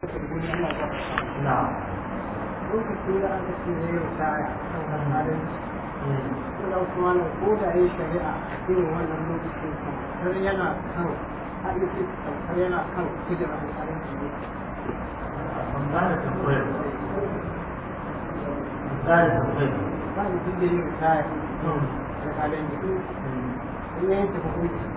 lokacin da aka ce zai rika kan hannarin suna kuma na ko da yin shari'a irin wannan lokacin tamkar yana kan hadisi tamkar yana kan hijira da tsarin jini misali tambayar misali tambayar misali duk da yin rika da kalin jini in yayin tafi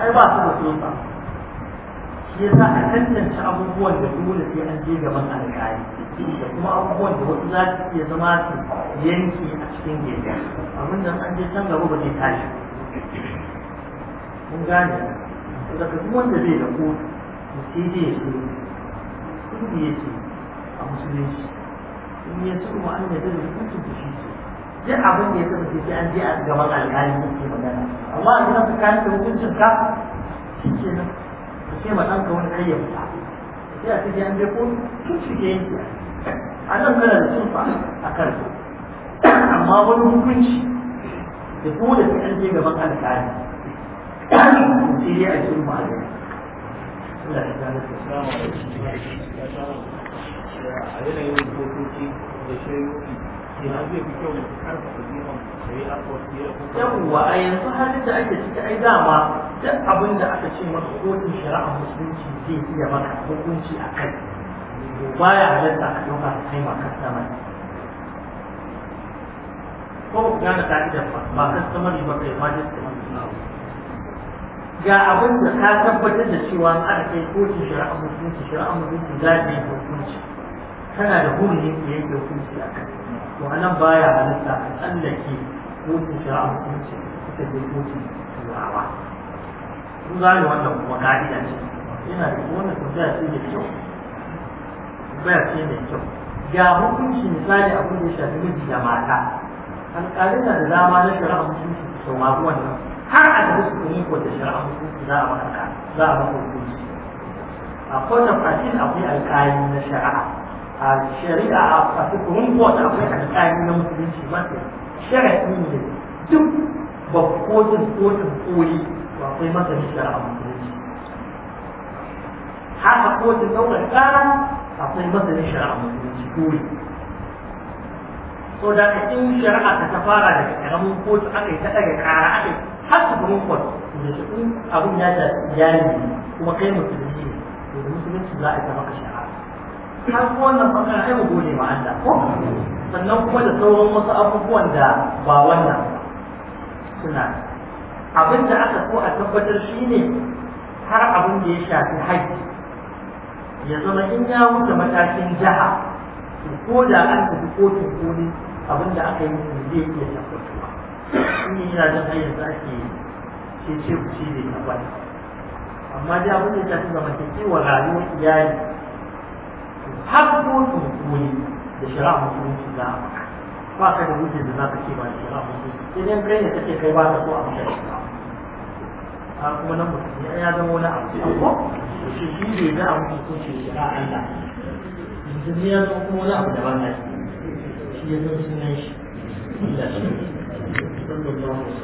ai ba su da tsotsa shi yasa a tantance abubuwan da dole sai an je gaban alƙali da kuma abubuwan da wasu za su iya zama su yanki a cikin gida abin da an je can gaba ba zai tashi mun gane daga duk wanda zai da kotu sai dai ya so sun ya ce a musulunci in ya so ma an yadda da hukuncin da shi so duk abin da ya kasance sai an je a gaban alƙali ne ke magana amma a zama tsakanin da hukuncin ka shi ke nan ka ce ma ɗanka wani kai ya fita sai a cikin an je ko tun shi ke yin a nan tana da cinfa a karfi amma wani hukunci da dole sai an je gaban alƙali sai dai a ji mu a gani Allah ya gane ka. A yanayin hukunci da shari'o'i yawwa a yanzu halin da ake ciki ai dama duk abin da aka ce maka kotun shari'a musulunci zai iya maka hukunci a kai baya halatta a ɗauka a kai ma kastamar ko ku gane ka'idar ba ba kastamar ba kai ma da kastamar ga abin da ka tabbatar da cewa an aka kai kotun shari'a musulunci shari'a musulunci za ta yi hukunci kana da hurumin da yake hukunci a kai to a nan baya halitta a tsallake kotun shari'a hukunci ita ce kotun turawa za gane wannan kuma ka'ida ce yana da wannan tambaya ce mai kyau tambaya ce mai kyau ga hukunci misali abin da ya shafi miji da mata alƙalin da dama na shari'a hukunci su ma wannan har a da su kun yi ko da shari'a hukunci za a maka za a maka hukunci a kowace fatin akwai alƙali na shari'a a shari'a a fasikin kowace akwai alƙali na musulunci masu sharaɗi ne duk ba kotun kotun koyi ba akwai masani shari'a musulunci haka kotun ɗaukar ƙara akwai masani shari'a musulunci koyi so da ka in shari'a ta fara daga ƙaramin kotu aka yi ta daga ƙara aka yi har su gurin kotu da shi abin ya shafi iyali kuma kai musulunci ne to da musulunci za a yi ta maka shari'a har ko wannan bangaren ai mu gode ma ko sannan kuma da sauran wasu abubuwan da ba wannan suna abin da aka so a tabbatar shine har abin da ya shafi haji ya zama in ya wuce matakin jiha ko da an tafi kotun koli abin da aka yi mutum zai iya tabbatuwa shi yana jin hanyar da ake ce ce ku ce da tabbata amma dai abin da ya shafi rayuwar iyali musu hukumi da shari'a musulunci ba da wuce da za ka ce ba da idan kai ne kai ba so a maka a kuma ya zama wani abu ko shi shi ne za a Allah ne ya zama kuma wani abu shi ya zama shi shi